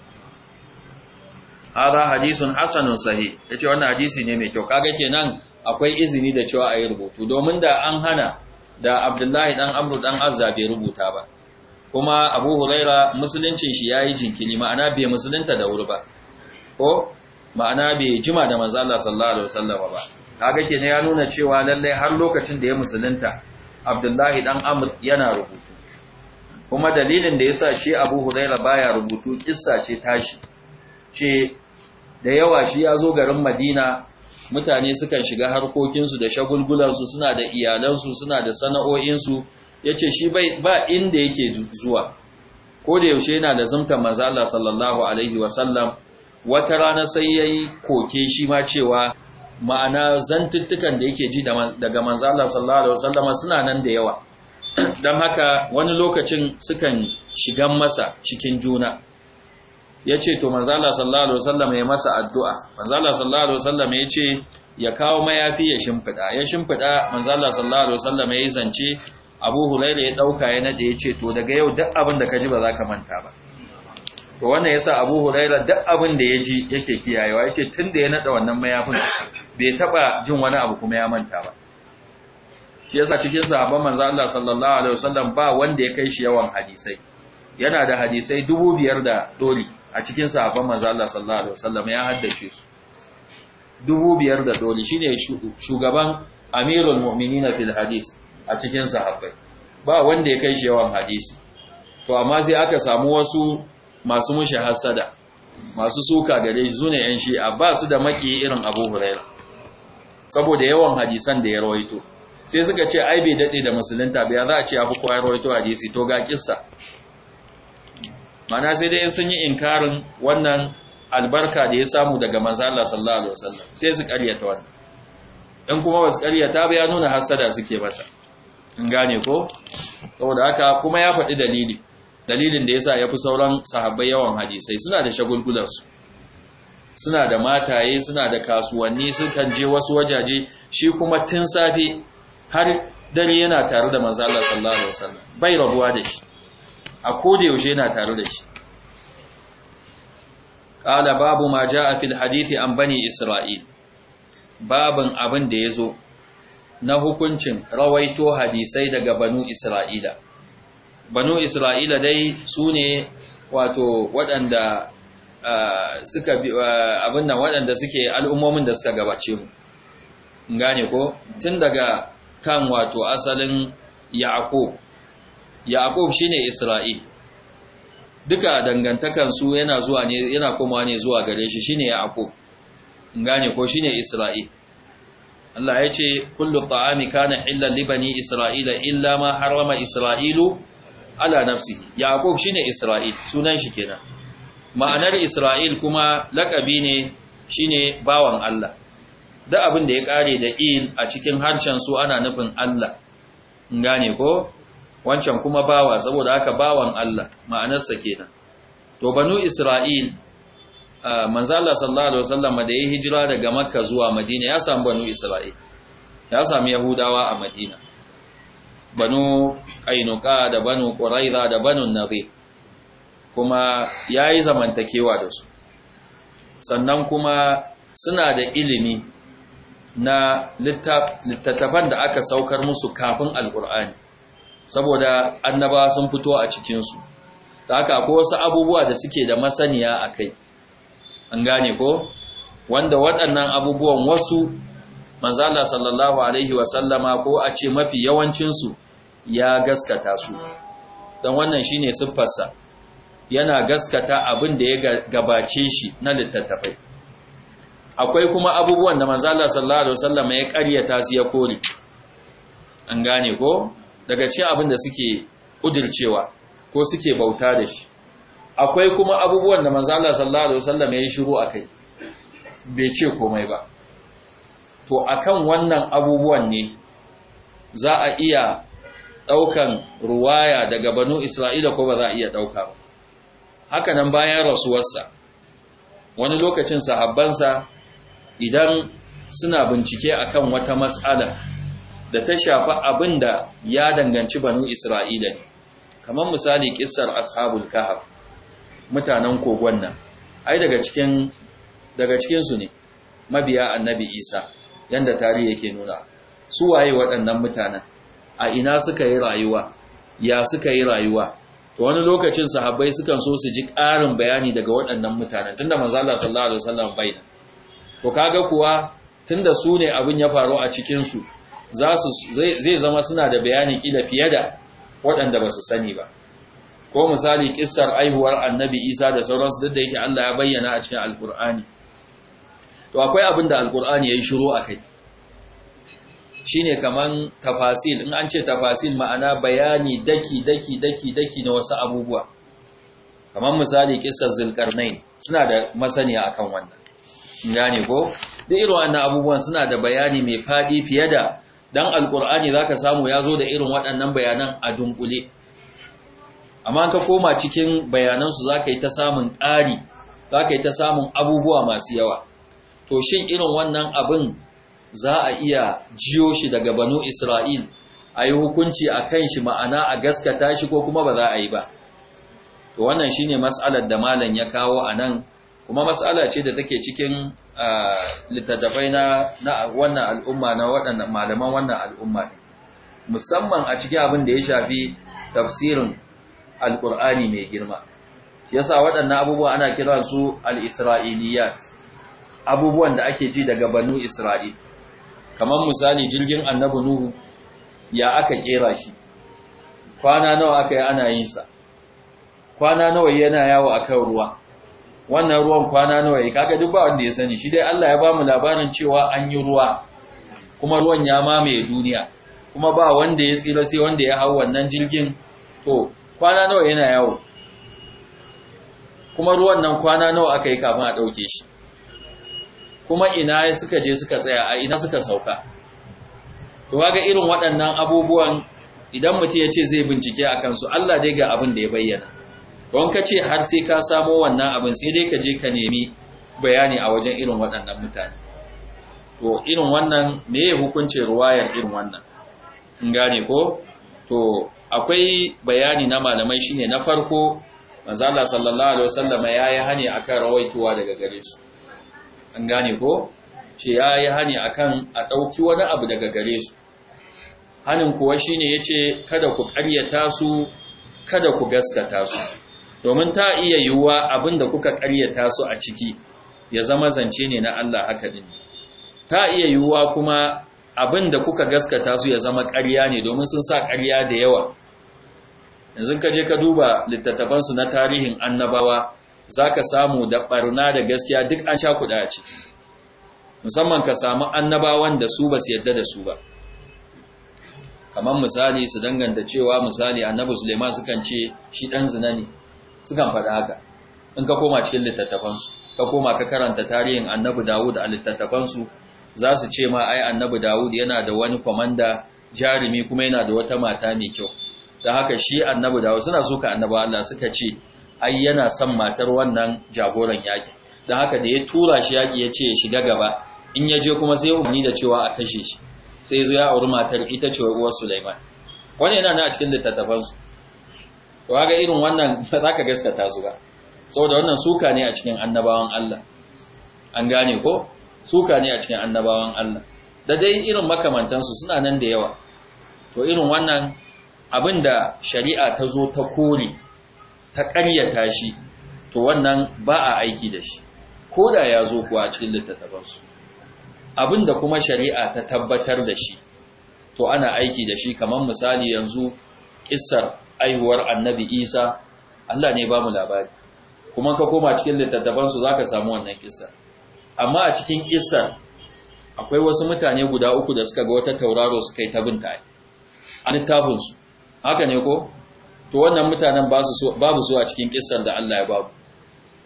hada hadisun hasanun sahih yace wannan hadisi ne mai kyau kaga kenan akwai izini da cewa ayi rubutu domin da an hana da abdullahi dan amru dan azza bai rubuta ba kuma abu huraira musuluncin shi yayi jinkiri ma'ana bai musulunta da wuri ba ko ma'ana bai jima da manzo Allah sallallahu alaihi wasallam ba kaga kenan ya nuna cewa lalle har lokacin da ya musulunta abdullahi dan amr yana rubutu kuma dalilin da yasa shi abu huraira baya rubutu kissa ce tashi ce da yawa shi ya zo garin madina mutane sukan shiga harkokinsu da shagulgulansu suna da iyalansu suna da sana'o'insu ya ce shi ba inda yake zuwa ko da yaushe yana da zumta mazala sallallahu alaihi wasallam wata rana sai ya yi koke shi ma cewa ma'ana zantuttukan da yake ji daga mazala, sallallahu alaihi wasallama suna nan da yawa don haka wani lokacin sukan shigan masa cikin juna ya ce to manzala sallallahu alaihi wasallam ya masa addu'a manzala sallallahu alaihi wasallam ya ce ya kawo mayafi ya shimfiɗa ya shimfiɗa manzala sallallahu alaihi wasallam ya yi zance abu hulaira ya ɗauka ya naɗe ya ce to daga yau duk abin da ka ji ba za ka manta ba to wannan yasa abu hulaira duk abin da ya ji yake kiyayewa ya ce tun da ya naɗa wannan mayafin bai taɓa jin wani abu kuma ya manta ba shi yasa cikin sahabban manzo Allah sallallahu alaihi wasallam ba wanda ya kai shi yawan hadisai yana da hadisai biyar da dori a cikin sahabban manzo Allah sallallahu alaihi wasallam ya haddace su dubu biyar da dole shine shugaban amirul mu'minina fil hadis a cikin sahabbai ba wanda ya kai shi yawan hadisi to amma sai aka samu wasu masu mushi hasada masu suka gare shi zune yan shi'a ba su da maki irin Abu Hurairah saboda yawan hadisan da ya rawaito sai suka ce ai bai dade da musulunta ba za a ce abu ya rawaito hadisi to ga kissa mana sai dai sun yi inkarin wannan albarka da ya samu daga manzo Allah sallallahu alaihi wasallam sai su ƙaryata wannan in kuma ba su ƙaryata ba ya nuna hasada suke masa in gane ko saboda haka kuma ya faɗi dalili dalilin da yasa ya fi sauran sahabbai yawan hadisai suna da shagulgular su suna da mataye suna da kasuwanni sukan je wasu wajaje shi kuma tun safi. har dare yana tare da manzo Allah sallallahu alaihi wasallam bai rabuwa da shi a koda yaushe yana tare da shi qala babu ma jaa fil hadisi an bani isra'il babin abin da yazo na hukuncin rawaito hadisai daga banu isra'ila banu isra'ila dai sune wato waɗanda suka abin nan waɗanda suke al'ummomin da suka gabace mu gane ko tun daga kan wato asalin yaqub yaqub shine isra'il duka dangantakan su yana zuwa ne yana komawa ne zuwa gare shi shine yaqub gane ko shine isra'il Allah ya ce kullu ta'ami kana illa li bani isra'ila illa ma harrama isra'ilu ala nafsi yaqub shine isra'il sunan shi kenan ma'anar isra'il kuma lakabi ne shine bawan Allah da abin da ya kare da il a cikin harshen su ana nufin Allah gane ko wancan kuma bawa saboda haka bawan Allah ma'anarsa kenan to banu Isra'il manzo Allah sallallahu alaihi wasallam da ya hijira daga Makka zuwa Madina ya samu banu Isra'il ya samu Yahudawa a Madina banu Qainuqa da banu Quraiza da banu nadhi kuma yayi zamantakewa da su sannan kuma suna da ilimi na littattafan da aka saukar musu kafin Alƙur'ani. saboda annaba sun fito a cikinsu da haka ko wasu abubuwa da suke da masaniya a kai an gane ko wanda waɗannan abubuwan wasu manzala sallallahu alaihi wasallama ko a ce mafi yawancinsu ya gaskata su don wannan shine siffarsa yana gaskata abin da ya gabace shi na littattafai akwai kuma abubuwan da manzala sallallahu alaihi wasallama ya ƙaryata su ya kore an gane ko daga cikin abin da suke udircewa ko suke bauta da shi akwai kuma abubuwan da manzo Allah sallallahu alaihi wasallam ya yi shiru akai bai ce komai ba to akan wannan abubuwan ne za a iya daukan ruwaya daga banu Isra'ila ko ba za a iya dauka ba haka nan bayan rasuwarsa wani lokacin sahabbansa idan suna bincike akan wata mas'ala da ta shafi abin da ya danganci banu Isra'ila ne, kamar misali ƙisar ashabul kahaf mutanen kogon nan, ai daga cikinsu ne mabiya annabi Isa, yadda tarihi yake nuna, su waye waɗannan mutanen, a ina suka yi rayuwa, ya suka yi rayuwa, to wani lokacin sahabbai sukan so su ji ƙarin bayani daga waɗannan mutanen, tunda manzala sallallahu Alaihi wasallam bai to kaga kuwa tunda su ne abin ya faru a cikinsu zai zama suna da bayani kila fiye da waɗanda ba su sani ba ko misali kissar aihuwar annabi isa da sauransu duk da yake Allah ya bayyana a cikin alkur'ani to akwai abin da alkur'ani ya yi shiru a kai shi ne kaman tafasil in an ce tafasil ma'ana bayani daki daki daki daki na wasu abubuwa kaman misali kissar zulkarnain suna da masaniya akan wannan gane ko duk irin wannan abubuwan suna da bayani mai faɗi fiye da dan alkur'ani zaka samu ya zo da irin waɗannan bayanan a dunkule amma ka koma cikin bayanansu zaka yi ta samun ƙari zaka yi ta samun abubuwa masu yawa to shin irin wannan abin za a iya jiyo shi daga banu isra'il a yi hukunci a kan shi ma'ana a gaskata shi ko kuma ba za a yi ba to wannan shine mas'alar da malam ya kawo a nan kuma matsala ce da take cikin litattafai na wannan al'umma na waɗannan malaman wannan al'umma ne musamman a cikin abin da ya shafi tafsirin alƙur'ani mai girma yasa waɗannan abubuwa ana kiran su al abubuwan da ake ji daga banu isra'il kamar misali jirgin annabu nuhu ya aka kera shi kwana nawa aka yi ana yin kwana nawa yana yawo a kan ruwa wannan ruwan kwana nawa ya kaga duk ba wanda ya sani shi dai Allah ya ba mu labarin cewa an yi ruwa kuma ruwan ya mamaye duniya kuma ba wanda ya tsira sai wanda ya hau wannan jirgin to kwana nawa yana yawo kuma ruwan nan kwana nawa aka yi kafin a ɗauke shi kuma ina suka je suka tsaya a ina suka sauka to kaga irin waɗannan abubuwan idan mutum ya ce zai bincike a kansu Allah dai ga abin da ya bayyana wani ka ce har sai ka samo wannan abin sai dai ka je ka nemi bayani a wajen irin waɗannan mutane to irin wannan me ya hukunce ruwayar irin wannan in gane ko to akwai bayani na malamai shine na farko manzala sallallahu alaihi wasallam yi hani akan rawaituwa daga gare su an gane ko ce yi hani akan a dauki wani abu daga gare su hanin kuwa shine yace kada ku ƙaryata su kada ku gaskata su domin ta iya yiwuwa abinda kuka ƙaryata su a ciki ya zama zance ne na Allah haka din ta iya yiwuwa kuma abinda kuka gaskata su ya zama ƙarya ne domin sun sa ƙarya da yawa yanzu ka je ka duba littattafansu na tarihin annabawa zaka samu da barna da gaskiya duk an sha kuɗa a ciki musamman ka samu annabawan da su ba su yadda da su ba kamar misali su danganta cewa misali annabi Suleiman sukan ce shi dan zina ne sukan faɗi haka in ka koma cikin littattafansu ka koma ka karanta tarihin annabi dawud a littattafansu za su ce ma ai annabi dawud yana da wani kwamanda jarumi kuma yana da wata mata mai kyau da haka shi annabi dawud suna so ka annabi allah suka ce ai yana son matar wannan jagoran yaƙi da haka da ya tura shi yaƙi ya ce ya shiga gaba in ya je kuma sai umarni da cewa a kashe shi sai zo ya auri matar ita ce uwar Sulaiman wani yana nan a cikin littattafansu to kaga irin wannan *laughs* ba za ka gaskata su ba saboda wannan suka ne a cikin annabawan Allah an gane ko suka ne a cikin annabawan Allah da dai irin makamantansu suna nan da yawa to irin wannan abin da shari'a ta zo ta kore ta ƙaryata shi to wannan ba a aiki da shi ko da ya zo kuwa a cikin littattafansu abin da kuma shari'a ta tabbatar da shi to ana aiki da shi kamar misali yanzu ƙisar aihuwar annabi isa Allah ne ba mu labari kuma ka koma cikin littattafansu za ka samu wannan kisa amma a cikin kisar akwai wasu mutane guda uku da suka ga wata tauraro suka yi tabin ta a su haka ne ko to wannan mutanen babu su a cikin kisar da Allah ya babu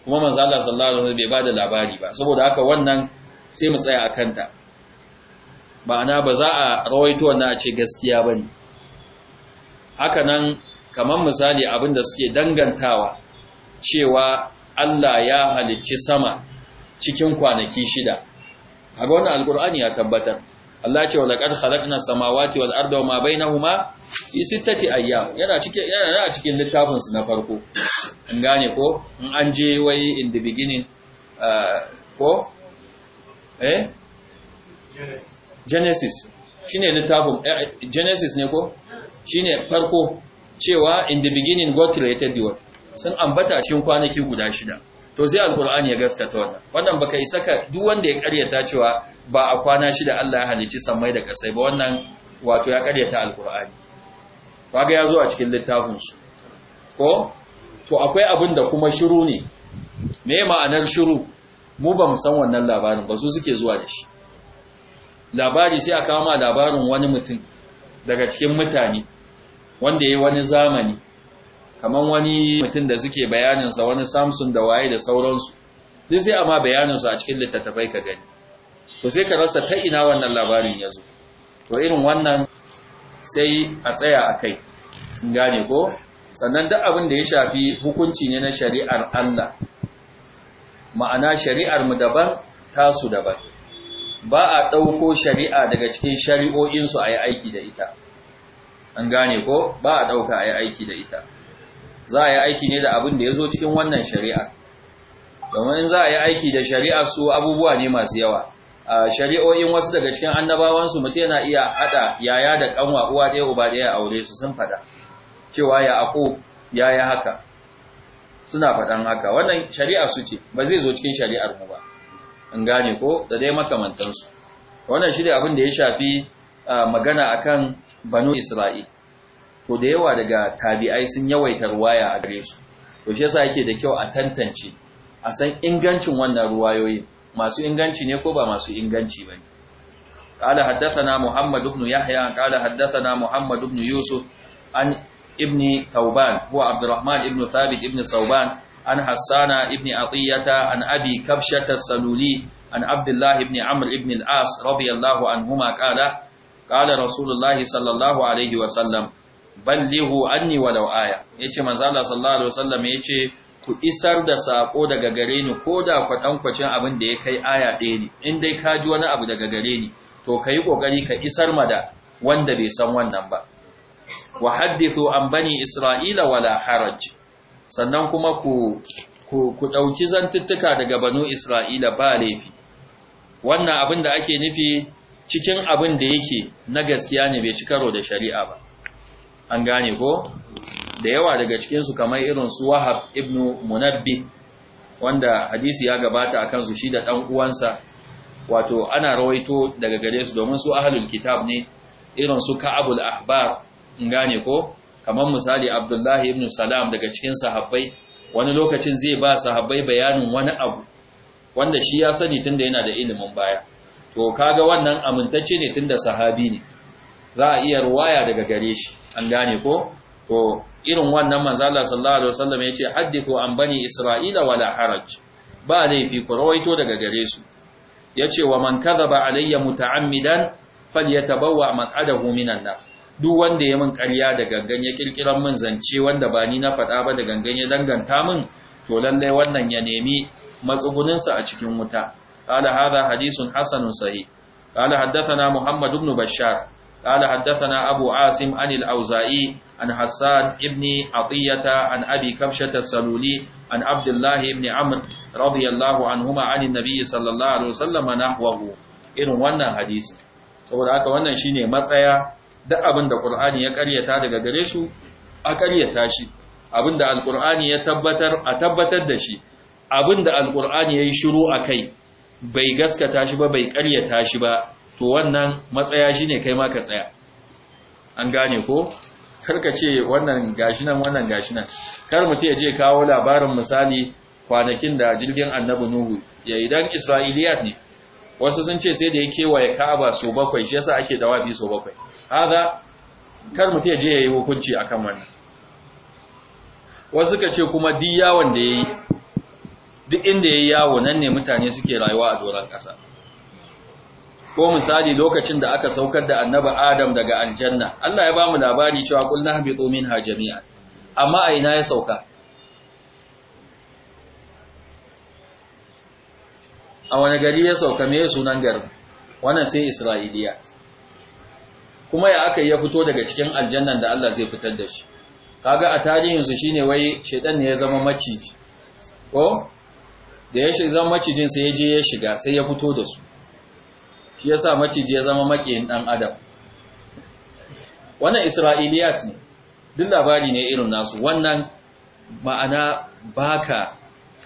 kuma manzo Allah sallallahu alaihi wasallam bai bada labari ba saboda haka wannan sai mu tsaya akan ta ma'ana ba za a rawaito wannan a ce gaskiya bane haka nan kamar misali abin da suke dangantawa cewa Allah ya halicci sama cikin kwanaki shida kaga wannan alqur'ani ya tabbatar Allah ce wala qad khalaqna samawati wal arda wama bainahuma fi sittati ayyam yana cikin yana a cikin littafin su na farko in gane ko in an je wai in the beginning uh, ko eh genesis shine littafin eh, genesis ne ko shine farko cewa in the beginning God created the world sun ambata cikin kwanaki guda shida to sai alkur'ani ya gaskata wannan wannan baka isa ka duk wanda ya karyata cewa ba a kwana shida Allah ya halicci samai da kasai ba wannan wato ya karyata alkur'ani kaga ya zo a cikin littafin su ko to akwai abin da kuma shiru ne me ma'anar shiru mu ba mu san wannan labarin ba su suke zuwa da shi labari sai a kama labarin wani mutum daga cikin mutane wanda ya wani zamani kamar wani mutum da suke bayaninsa wani samsung da waye da sauransu duk sai amma bayaninsu a cikin littattafai ka gani to sai ka rasa ta ina wannan labarin ya zo to irin wannan sai a tsaya a kai gane ko sannan duk abin da ya shafi hukunci ne na shari'ar Allah ma'ana shari'ar mu daban tasu daban ba a ɗauko shari'a daga cikin shari'o'insu a yi aiki da ita an gane ko ba a ɗauka a yi aiki da ita za a yi aiki ne da abin da ya zo cikin wannan shari'a domin za a yi aiki da shari'a su abubuwa ne masu yawa a shari'o'in wasu daga cikin annabawansu mutum yana iya haɗa yaya da ƙanwa uwa ɗaya uba ɗaya aure su sun faɗa cewa ya ako ya haka suna faɗan haka wannan shari'a su ce ba zai zo cikin shari'ar mu ba in gane ko da dai makamantansu wannan shi ne abin da ya shafi magana akan banu isra’i to da yawa daga tabi'ai sun yawaita ruwaya a gare su to shi yasa yake da kyau a tantance a san ingancin wannan ruwayoyi masu inganci ne ko ba masu inganci bane qala haddathana muhammad ibn yahya qala haddathana muhammad ibn yusuf an ibni tauban huwa abdurrahman ibn thabit ibn sauban an hassana ibn atiyata an abi kabshata saluli an abdullah ibn amr ibn al-as radiyallahu anhuma qala qala rasulullahi sallallahu alaihi wasallam ballighu anni walau aya yace manzo Allah sallallahu alaihi wasallam yace ku isar da sako daga gare ni koda ku dan kwacin abin da ya kai aya ɗaya ne in dai ka ji wani abu daga gare ni to kai kokari ka isar ma da wanda bai san wannan ba wa hadithu an bani isra'ila wala haraj sannan kuma ku ku ku dauki zantuttuka daga banu isra'ila ba laifi wannan abin da ake nufi cikin abin da yake na gaskiya ne bai ci karo da shari'a ba an gane ko da yawa daga cikinsu kamar irin su wahab ibn munabbi wanda hadisi ya gabata a kansu shi da ɗan uwansa wato ana rawaito daga gare su domin su ahlul kitab ne irin su ka'abul ahbar an gane ko kamar misali abdullahi ibn salam daga cikin sahabbai wani lokacin zai ba sahabbai bayanin wani abu wanda shi ya sani tunda yana da ilimin baya to kaga wannan amintacce ne tunda sahabi ne za a iya ruwaya daga gare shi an gane ko to irin wannan manzo Allah sallallahu alaihi wasallam yace hadithu an bani isra'ila wala haraj ba laifi ku rawaito daga gare su yace wa man kadhaba alayya muta'ammidan falyatabawa maq'adahu minan nar duk wanda ya min ƙarya da gangan ya kirkiran min zance wanda ba ni na faɗa ba da gangan ya danganta min to lallai wannan ya nemi matsuguninsa a cikin wuta قال هذا حديث حسن صحيح قال حدثنا محمد بن بشار قال حدثنا أبو عاصم عن الأوزائي عن حسان ابن عطية عن أبي كبشة السلولي عن عبد الله ابن عمرو رضي الله عنهما عن النبي صلى الله عليه وسلم نحوه irin wannan hadisi saboda haka wannan shine matsaya duk abin da Qur'ani ya ƙaryata daga gare shi a ƙaryata shi abin da Al-Qur'ani ya tabbatar a tabbatar da shi abin da Al-Qur'ani yi shiru a kai. bai gaskata shi ba bai ƙaryata shi ba to wannan matsaya shi ne kai ma ka tsaya an gane ko karka ce wannan gashi nan wannan gashi nan kar mutum ya je kawo labarin misali kwanakin da jirgin annabi nuhu ya idan isra'iliyat ne wasu sun ce sai da ya kewaye ka'aba so bakwai shi yasa ake dawafi so bakwai haza kar mutum ya je ya yi hukunci akan wannan wasu ka ce kuma duk yawon da ya yi duk inda ya yi yawo nan ne mutane suke rayuwa a doron ƙasa ko misali lokacin da aka saukar da annaba adam daga aljanna Allah ya ba mu labari cewa qul nahbitu minha jami'an amma a ina ya sauka a wani gari ya sauka me sunan garin wannan sai isra'iliya kuma ya aka ya fito daga cikin aljannan da Allah zai fitar da shi kaga a tarihinsu su shine wai shedan ne ya zama maciji ko da ya shiga macijin sai ya je ya shiga sai ya fito da su shi yasa maciji ya zama makiyin dan adam wannan isra'iliyat ne duk labari ne irin nasu wannan ma'ana baka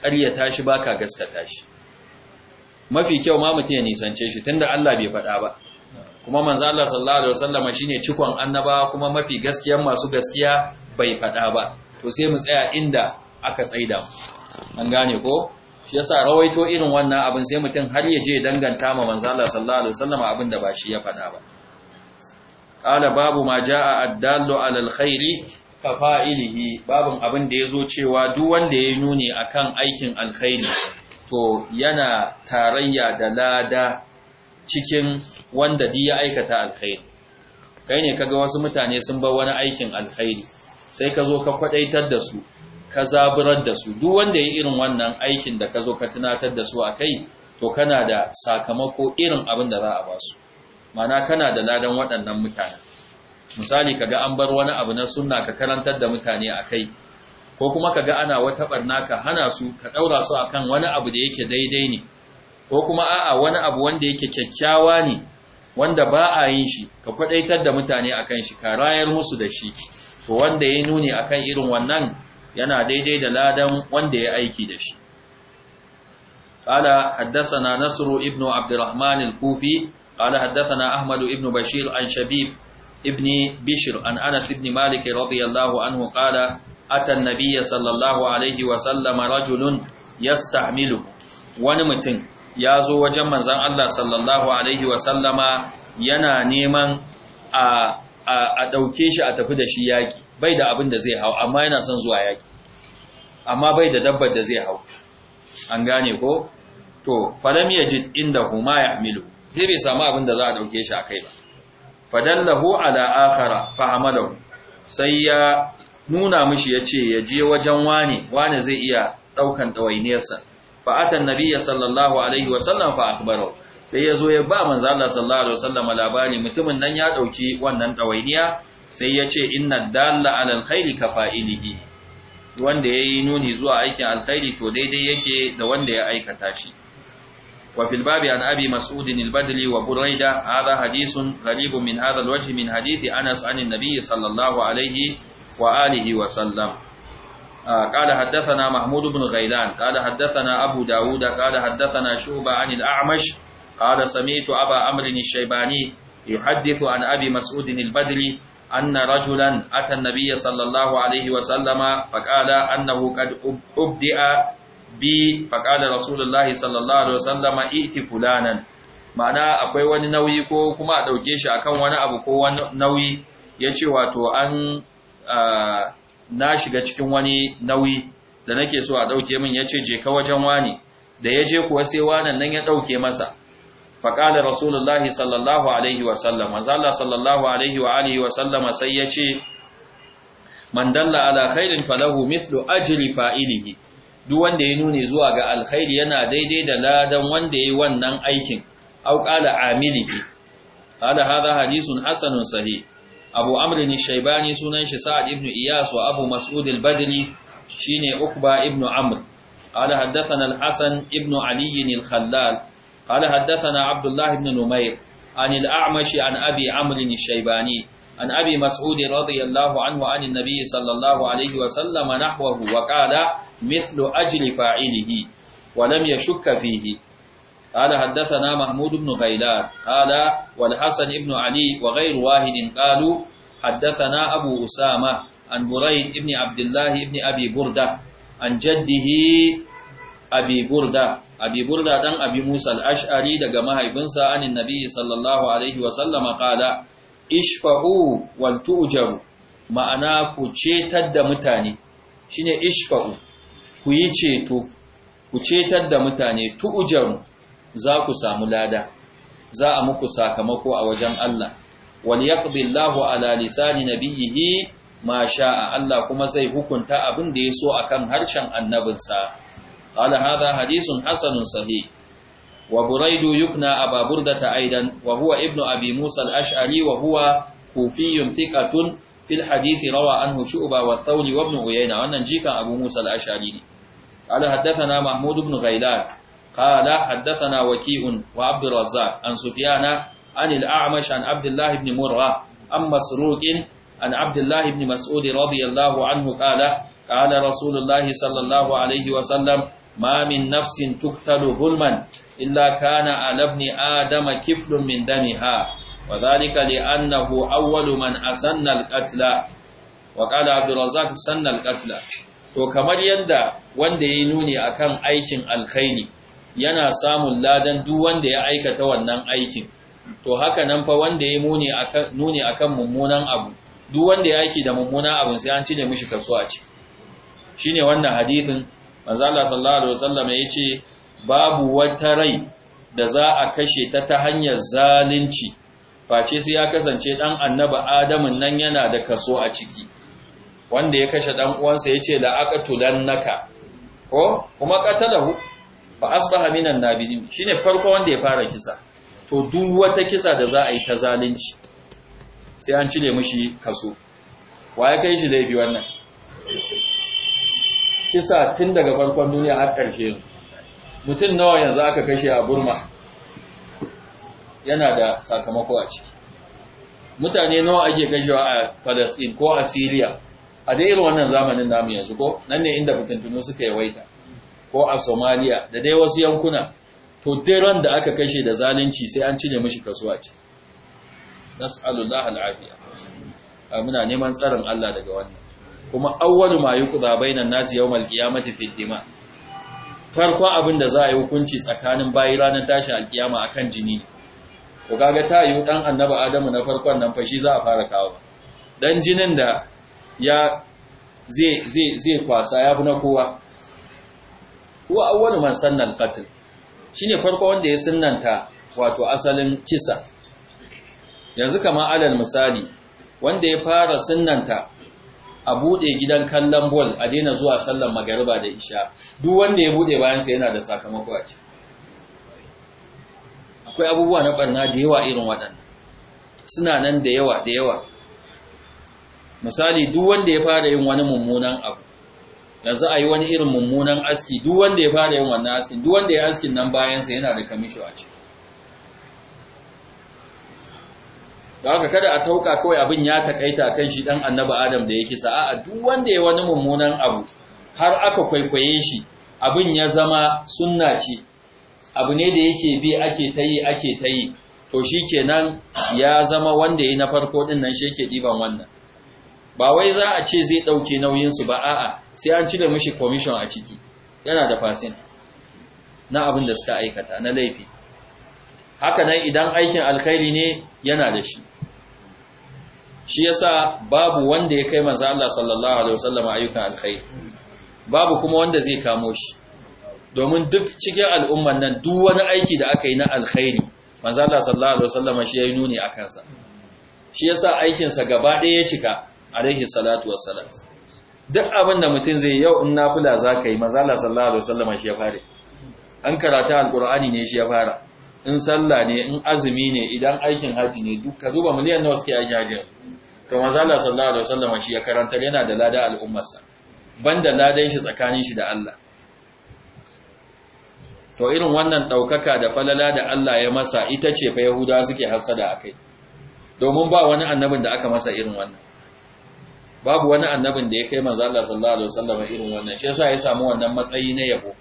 ƙaryata shi baka gaskata shi mafi kyau ma mutum ya nisance shi tunda Allah bai faɗa ba kuma manzo Allah sallallahu alaihi wasallam shine cikon annabawa kuma mafi gaskiyan masu gaskiya bai faɗa ba to sai mu tsaya inda aka tsaida an gane ko shi yasa rawaito irin wannan abin sai mutum har ya je danganta ma manzo Allah sallallahu alaihi wasallam abin da ba shi ya faɗa ba qala babu ma jaa addallu ala alkhairi fa fa'ilihi babin abin da yazo cewa duk wanda ya nuni akan aikin alkhairi to yana tarayya da lada cikin wanda dai ya aikata alkhairi kai ne kaga wasu mutane sun bar wani aikin alkhairi sai ka zo ka kwadaitar da su ka zaburar da su duk wanda ya irin wannan aikin da ka zo ka tunatar da su a kai to kana da sakamako irin abin da za a ba su mana kana da ladan waɗannan mutane misali kaga an bar wani abu na sunna ka karantar da mutane a kai ko kuma kaga ana wata barna ka hana su ka ɗaura su akan wani abu da yake daidai ne ko kuma a'a wani abu wanda yake kyakkyawa ne wanda ba a yin shi ka kwadaitar da mutane akan shi ka rayar musu da shi to wanda ya nuni akan irin wannan yana daidai da ladan wanda ya aiki da shi. Ƙala haddasana Nasiru Ibnu Abdulrahman al-Kufi, ƙala haddasana Ahmad ibn Bashir an Shabib ibn Bishr an Anas ibn Malik radiyallahu anhu ƙala, "Atan Nabiya sallallahu Alaihi wasallama rajulun ya sta'milu wani mutum ya zo wajen manzan Allah sallallahu Alaihi wasallama yana neman a ɗauke shi a tafi da shi yaƙi. bai da abin da zai hau amma yana son zuwa yaki amma bai da dabbar da zai hau an gane ko to falam yajid inda huma ya'milu zai bai samu abin da za a dauke shi akai ba fadallahu ala akhara fahamalahu sai ya nuna mishi yace ya je wajen wani wani zai iya daukan dawainiyarsa fa atan nabiyya sallallahu alaihi wa sallam fa akbaro sai ya zo ya ba manzo Allah sallallahu alaihi wa sallam labari mutumin nan ya dauki wannan dawainiya sai ya ce inna dalla alal khairi kafa'ilihi wanda yayi nuni zuwa aikin alkhairi to daidai yake da wanda ya aikata shi wa fil babi an abi mas'ud al wa burayda hadha hadithun gharibun min hadha al-wajh min hadithi anas an an sallallahu alayhi wa alihi wa sallam قال حدثنا محمود بن غيلان قال حدثنا أبو داود قال حدثنا شعبة عن الأعمش قال سمعت أبا أمر الشيباني يحدث عن أبي مسعود البدري أن رجلا أتى النبي صلى الله عليه وسلم فقال أنه قد أبدأ بي فقال رسول sallallahu alaihi الله عليه وسلم ائت ma'ana akwai wani nauyi ko kuma a ɗauke shi akan wani abu ko wani nauyi ya wato an na shiga cikin wani nauyi da nake so a ɗauke min ya ce je ka wajen wani da ya je kuwa sai wanan nan ya ɗauke masa faƙali rasulullahi sallallahu alaihi wasallam manzala sallallahu alaihi wa alihi wasallama sai ya ce man dalla ala khairin falahu mithlu ajri fa'ilihi duk wanda ya nune zuwa ga alkhairi yana daidai da ladan wanda yayi wannan aikin au qala amilihi hada hada hadisun hasanun sahih abu amr ni shaybani sunan shi sa'ad ibn iyas wa abu mas'ud al-badri shine ukba ibn amr hada haddathana al-hasan ibn ali قال حدثنا عبد الله بن نمير عن الأعمش عن أبي عمرو الشيباني عن أبي مسعود رضي الله عنه عن النبي صلى الله عليه وسلم نحوه وقال مثل أجل فاعله ولم يشك فيه قال حدثنا محمود بن غيلان قال والحسن بن علي وغير واحد قالوا حدثنا أبو أسامة عن بريد بن عبد الله بن أبي بردة عن جده أبي بردة abi burda dan abi musa al-ash'ari daga mahaifinsa anin nabi sallallahu alaihi wa sallama qala ishfa'u wal tu'jaru ma'ana ku cetar da mutane shine ishfa'u ku yi ceto ku cetar da mutane tu'jaru za ku samu lada za a muku sakamako a wajen Allah wal yaqdi Allahu ala lisani nabiyhi ma sha'a Allah kuma zai hukunta abin da yaso akan harshen annabinsa قال هذا حديث حسن صحيح وبريد يكنى أبا بردة أيضا وهو ابن أبي موسى الأشعري وهو كوفي ثقة في الحديث روى عنه شعبة والثول وابن عيينة وأن جيك أبو موسى الأشعري قال حدثنا محمود بن غيلان قال حدثنا وكيء وعبد الرزاق عن سفيان عن الأعمش عن عبد الله بن مرة عن مسروق عن عبد الله بن مسعود رضي الله عنه قال قال رسول الله صلى الله عليه وسلم ma min nafsin tuktalu hulman illa kana ala ibn adama kiflun min damiha wa dhalika li annahu awwalu man asanna al-qatla wa qala abdur razzaq sanna al-qatla to kamar yanda wanda yayi nuni akan aikin alkhairi yana samun ladan duk wanda ya aikata wannan aikin to haka nan fa wanda ya muni akan nuni akan mummunan abu duk wanda ya aiki da mummunan abu sai an cire mishi kaso a ciki shine wannan hadithin manzo Allah sallallahu alaihi wasallam yace babu wata rai da za a kashe ta ta hanyar zalunci face sai ya kasance dan annabi Adamu nan yana da kaso a ciki wanda ya kashe dan uwansa yace la aqtulannaka ko kuma qatalahu fa asbaha minan nabiyin shine farko wanda ya fara kisa to duk wata kisa da za a yi ta zalunci sai an cire mishi kaso wa ya kai shi laifi wannan shi sa tun daga farkon duniya har ƙarshe mutum nawa yanzu aka kashe a burma yana da sakamako a ciki mutane nawa ake kashewa a Palestine ko a Syria a da irin wannan zamanin namu yanzu ko nan ne inda fitintunu suka yawaita ko a somaliya da dai wasu yankuna to dai da aka kashe da zalunci sai an cire mishi kasuwa ce nas'alullah al'afiya muna neman tsarin Allah daga wannan kuma awwalu ma yuqda bainan nasi yawmal qiyamati fi dima farko abin da za a yi hukunci tsakanin bayi ranar tashin alkiyama akan jini ku kaga ta yi dan annabi adamu na farkon nan fashi za a fara kawo dan jinin da ya zai zai zai kwasa ya na kowa kuwa awwalu man sanna qatl shine farko wanda ya sunnanta wato asalin kisa yanzu kama alal misali wanda ya fara sunnanta a buɗe gidan kallon bol a daina zuwa sallan magariba da isha duk wanda ya buɗe bayansa yana da sakamako a ce akwai abubuwa na barna da yawa irin waɗannan suna nan da yawa da yawa misali duk wanda ya fara yin wani mummunan abu yanzu a yi wani irin mummunan aski duk wanda ya fara yin wannan askin duk wanda ya askin nan bayansa yana da kamisho a ce da haka kada a tauka kawai abin ya takaita kan shi dan annabi adam da ya kisa a'a duk wanda ya wani mummunan abu har aka kwaikwaye shi abin ya zama sunna ce abu ne da yake bi ake ta yi ake ta yi to shikenan ya zama wanda ya na farko din nan shi yake diban wannan ba wai za a ce zai dauke nauyin su ba a'a sai an cire mishi commission a ciki yana da fasin na abin da suka aikata na laifi haka nan idan aikin alkhairi ne yana da shi shi yasa babu wanda ya kai manzo Allah sallallahu alaihi wasallam ayyukan alkhairi babu kuma wanda zai kamo shi domin duk cikin al'umman nan duk wani aiki da aka yi na alkhairi manzo Allah sallallahu alaihi wasallam shi yayi nuni akan sa shi yasa aikin sa gaba ɗaya ya cika alaihi salatu wassalam duk abin da mutum zai yau in nafila zaka yi manzo Allah sallallahu alaihi wasallam shi ya fare an karata alqur'ani ne shi ya fara in sallah ne in azumi ne idan aikin haji ne duk ka duba miliyan nawa suke aiki haji yanzu to manzo Allah sallallahu alaihi wasallam shi ya karantar yana da lada al'ummarsa banda ladan shi tsakanin shi da Allah to irin wannan daukaka da falala da Allah ya masa ita ce fa Yahudawa suke hasada akai domin ba wani annabin da aka masa irin wannan babu wani annabin da ya kai manzo Allah sallallahu alaihi wasallam irin wannan shi yasa ya samu wannan matsayi na yabo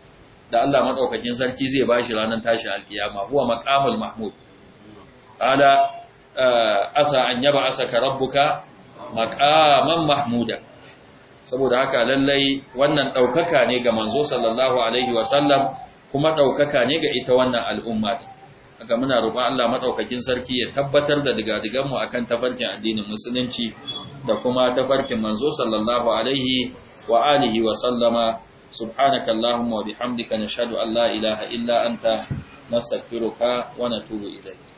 da Allah madaukakin sarki zai bashi ranar tashi alkiyama huwa maqamul mahmud ala asa an yaba ka rabbuka maqaman mahmuda saboda haka lallai wannan daukaka ne ga manzo sallallahu alaihi wasallam kuma daukaka ne ga ita wannan al'umma haka muna roƙon Allah madaukakin sarki ya tabbatar da digadigan mu akan tafarkin addinin musulunci da kuma tafarkin manzo sallallahu alaihi wa alihi wa sallama subhanakallahumma wa bihamdika nashhadu an la ilaha illa anta nastaghfiruka wa natubu ilayk